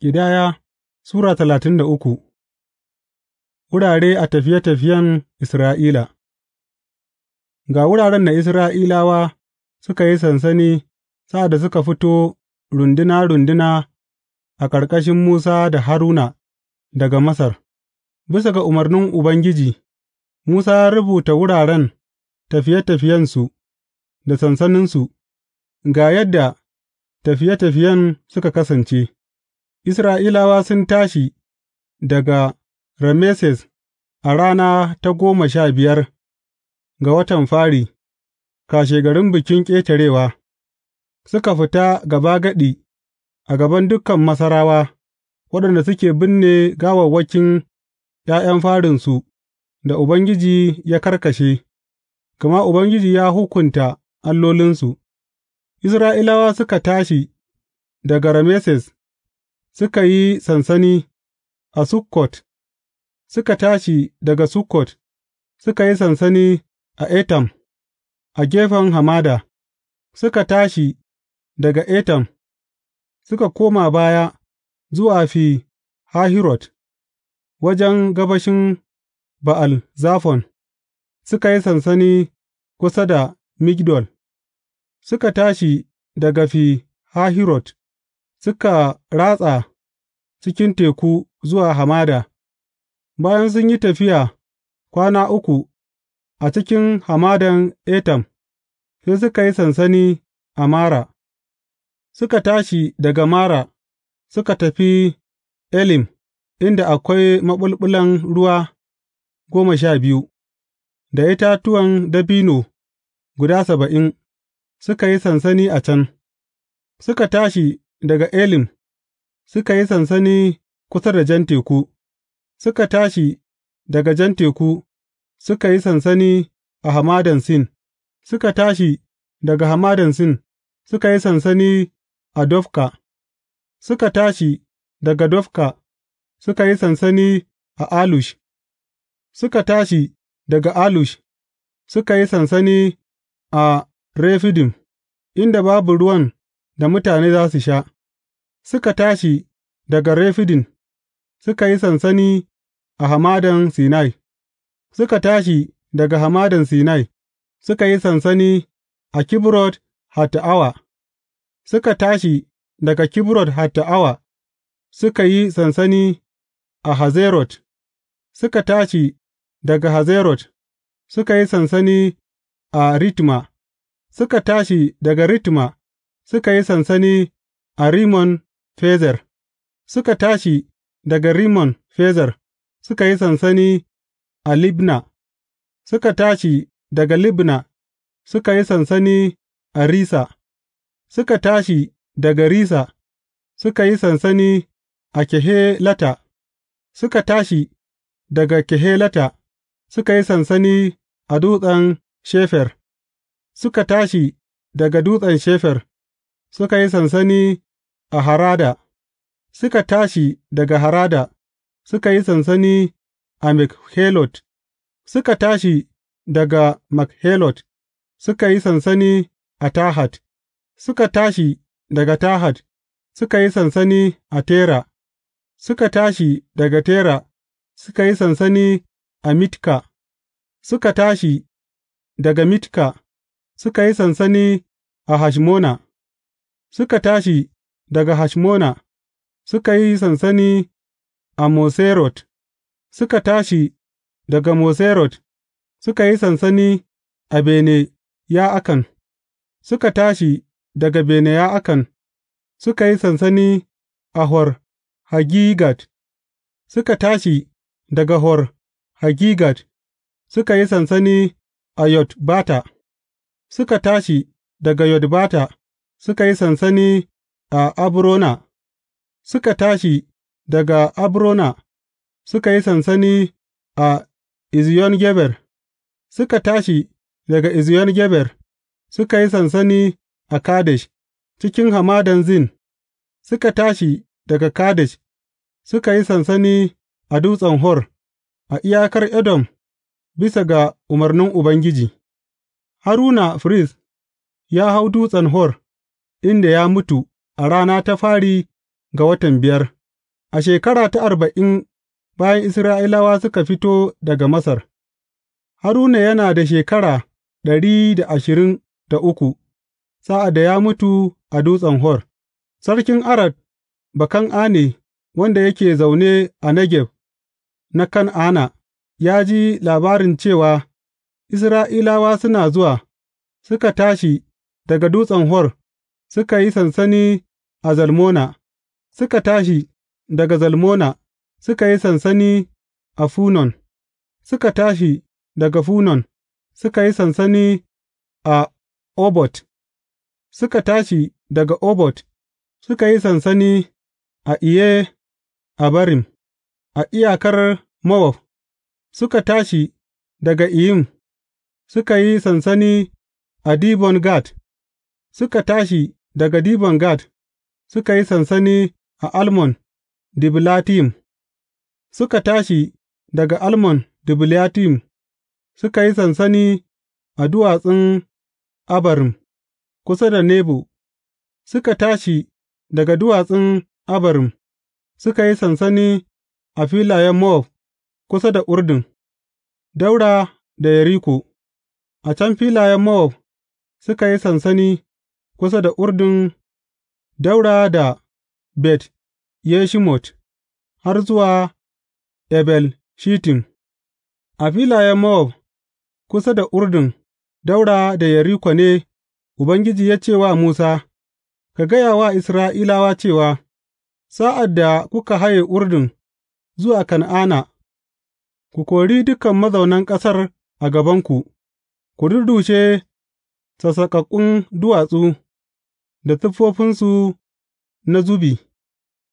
Ƙidaya Sura talatin da uku Wurare a tafiye tafiyen Isra'ila Ga wuraren da Isra'ilawa suka yi sansani sa'ad da suka fito runduna runduna a ƙarƙashin Musa da Haruna daga Masar, bisa ga umarnin Ubangiji, Musa ya rubuta wuraren tafiye tafiyensu da sansaninsu, ga yadda tafiye tafiyen suka kasance. Isra'ilawa sun tashi daga Rameses a rana ta goma sha biyar ga watan fari, kashegarin Bikin Ƙetarewa, suka fita gabagadi a gaban dukan Masarawa waɗanda suke binne gawawwakin ’ya'yan farinsu da Ubangiji ya karkashe, gama Ubangiji ya hukunta allolinsu, Isra'ilawa suka tashi daga Rameses. suka yi sansani a Sukkot, suka tashi daga Sukkot, suka yi sansani a Etam, a gefen hamada, suka tashi daga Etam, suka koma baya zuwa Fi Hahirot, wajen gabashin Ba'al Zafon, suka yi sansani kusa da Migdol, suka tashi daga Fi Hahirot. suka ratsa cikin teku zuwa hamada, bayan sun yi tafiya kwana uku a cikin hamadan Etam, sai suka yi sansani a Mara, suka tashi daga Mara, suka tafi Elim, inda akwai maɓulɓulan ruwa goma sha biyu, da itatuwan dabino guda saba'in, suka yi sansani a can, suka tashi daga Elim, suka yi sansani kusa da Jan Teku, suka tashi daga Jan Teku, suka yi sansani a Hamadan Sin, suka tashi daga Hamadan Sin, suka yi sansani a Dofka, suka tashi daga Dofka, suka yi sansani a Alush, suka tashi daga Alush, suka yi sansani a Refidim, inda babu ruwan da mutane za su sha. Suka tashi daga refidin, suka yi sansani a Hamadan Sinai Suka tashi daga Hamadan Sinai, suka yi sansani a Kibrot Hatta'awa, suka tashi daga Kibrot Hatta'awa, suka yi sansani a Hazerot, suka tashi daga Hazerot, suka yi sansani a Ritma, suka tashi daga Ritma, suka yi sansani a Rimmon Fezer Suka tashi daga rimon fezer suka yi sansani a Libna, suka tashi daga Libna suka yi sansani a risa suka tashi daga risa suka yi sansani a Kehelata, suka tashi daga Kehelata suka yi sansani a Dutsen Shefer, suka tashi daga Dutsen Shefer suka yi sansani a Harada Suka tashi daga Harada, suka yi sansani a Makhelot, suka tashi daga Makhelot, suka yi sansani a Tahat, suka tashi daga Tahat, suka yi sansani a Tera, suka tashi daga Tera, suka yi sansani a Mitka, suka tashi daga Mitka, suka yi sansani a Hashmona, suka tashi daga Hashmona, suka yi sansani a Moserot, suka tashi daga Moserot, suka yi sansani a Bene Ya'akan, suka tashi daga Bene Ya'akan, suka yi sansani a Hor hagigat suka tashi daga Hor hagigat suka yi sansani a Yotbata, suka tashi daga Yotbata, suka yi sansani a Abrona Suka tashi daga Abrona suka yi sansani a Eziyon Geber, suka tashi daga Eziyon Geber suka yi sansani a Kadesh, cikin Hamadan Zin, suka tashi daga Kadesh suka yi sansani a Dutsen Hor, a iyakar Edom bisa ga umarnin Ubangiji, Haruna firist ya hau Dutsen Hor, inda ya mutu. a rana ta fari ga watan biyar, a shekara ta arba'in bayan Isra'ilawa suka fito daga Masar, Haruna yana da shekara ɗari da ashirin da uku sa'ad da ya mutu a dutsen Hor, sarkin Arad Ane wanda yake zaune a Negeb na kan Kan'ana, ya ji labarin cewa Isra'ilawa suna zuwa, suka tashi daga dutsen Hor. suka yi sansani a Zalmona, suka tashi daga Zalmona, suka yi sansani a Funon, suka tashi daga Funon, suka yi sansani a Obot, suka tashi daga Obot, suka yi sansani a Iye a Abarim, a iyakar Mowab, suka tashi daga Iyim, suka yi sansani a Dibon Gad, suka tashi Daga Dibon Gad suka yi sansani a Almon Dibilatayim, suka tashi daga Almon Dibilatayim suka yi sansani a duwatsun Abarim, kusa da Nebo, suka tashi daga duwatsun Abarim suka yi sansani a filayen Mowab kusa da Urdun, Daura da Yeriko, a can filayen Mowab suka yi sansani. kusa da Urdun Daura da Bet Yeshimot, har zuwa Ebel Shittim, a filayen Mowab, kusa da Urdun, Daura da Yeriko ne Ubangiji ya ce wa Musa, Ka gaya wa Isra'ilawa cewa, Sa'ad da kuka haye Urdun zuwa Kan'ana, ku kori dukan mazaunan ƙasar a gabanku, ku rurrushe sassaƙaƙƙun duwatsu. da siffofinsu na zubi,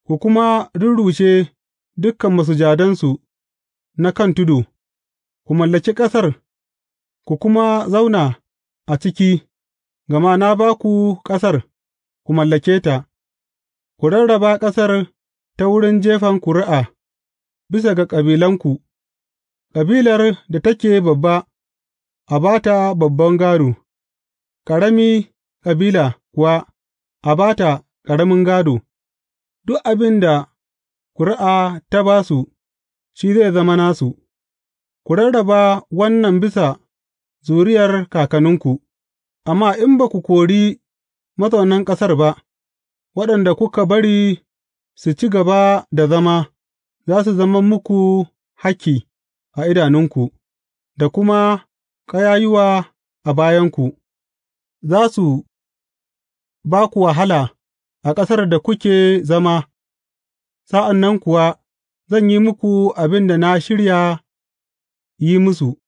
ku kuma rurrushe dukan masujadansu na kan tudu, ku mallaki ƙasar, ku kuma zauna a ciki, gama na ba ku ƙasar, ku mallake ta, ku rarraba ƙasar ta wurin jefan ƙuri'a bisa ga ƙabilanku kabilar da take babba, a ba ta babban gādo, ƙarami kabila kuwa. A ba ta ƙaramin gādo; duk abin da ƙuri'a ta ba su, shi zai zama nasu, ku rarraba wannan bisa zuriyar kakanninku, amma in ba ku kori mazaunan ƙasar ba, waɗanda kuka bari su ci gaba da zama, za su zama muku hakki a idanunku, da kuma ƙayayuwa a bayanku, za su ba ku wahala a ƙasar da kuke zama, sa'an nan kuwa zan yi muku abin da na shirya yi musu.